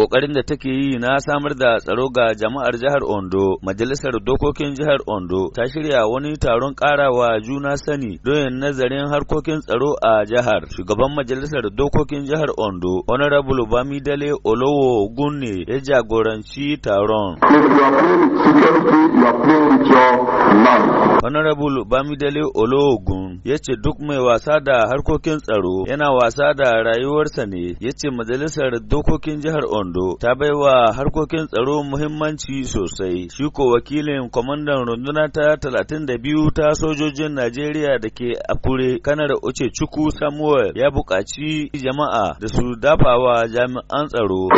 ƙoƙarin da take yi na samar da tsaro ga jama'ar jihar Ondo, Majalisar Dokokin Jihar Ondo ta shirya wani taron ƙarawa juna sani don nazarin harkokin tsaro a jihar. Shugaban Majalisar Dokokin Jihar Ondo, Honorable Bamidele Olowo Gunne ya jagoranci taron. Honorable Bamidele Ologun ya ce duk mai wasa da harkokin tsaro yana wasa da rayuwarsa ne, ya ce Majalisar Dokokin Jihar Ondo rundo ta baiwa harkokin tsaro muhimmanci sosai. Shi ko wakilin kwamandan runduna ta talatin da biyu ta sojojin Najeriya da ke Akure kanar uce cuku Samuel ya buƙaci jama'a da su dafawa jami'an tsaro.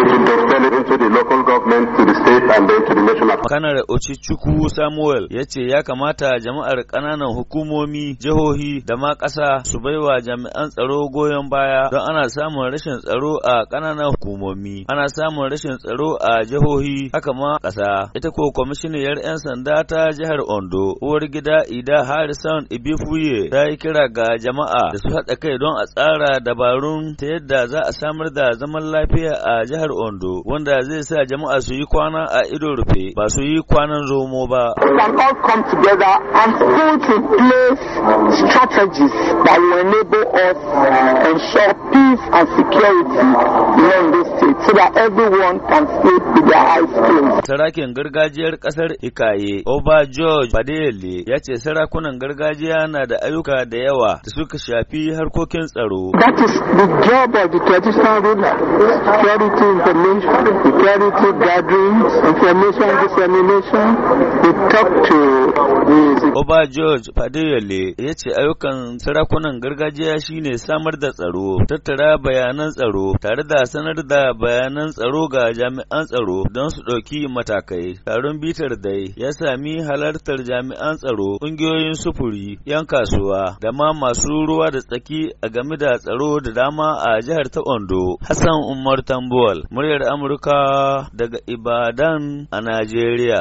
Kanar uce cuku Samuel ya ce ya kamata jama'ar ƙananan hukumomi, jihohi da ma ƙasa su baiwa jami'an tsaro goyon baya don ana samun rashin tsaro a ƙananan hukumomi. Ana samun rashin tsaro a jihohi haka ma ƙasa. Ita ko kwamishiniyar 'yan sanda ta jihar Ondo, uwar gida Ida Harrison Ibifuye ta yi kira ga jama'a da su haɗa kai don a tsara dabarun ta yadda za a samar da zaman lafiya a jihar Ondo, wanda zai sa jama'a su yi kwana a ido rufe ba su yi kwanan zomo ba. We strategies that will enable us ensure peace and security in this state so that everyone can sleep with their eyes closed. Sarakin gargajiyar kasar Ikaye, Oba George Fadele, ya ce sarakunan gargajiya na da ayyuka da yawa da suka shafi harkokin tsaro. That is the job of the traditional ruler. Security information, security gatherings, information dissemination. We talk to Oba George Fadele ya ce ayyukan sarakunan gargajiya shine samar da tsaro, tattara bayanan tsaro tare da sanar da bayanan tsaro ga jami'an tsaro don su ɗauki matakai. Taron bitar dai ya sami halartar jami'an tsaro, ƙungiyoyin sufuri, 'yan kasuwa, da ma masu ruwa da tsaki a game da tsaro da dama a jihar ta Ondo. Hassan Umar Tambuwal, muryar Amurka daga Ibadan a Najeriya.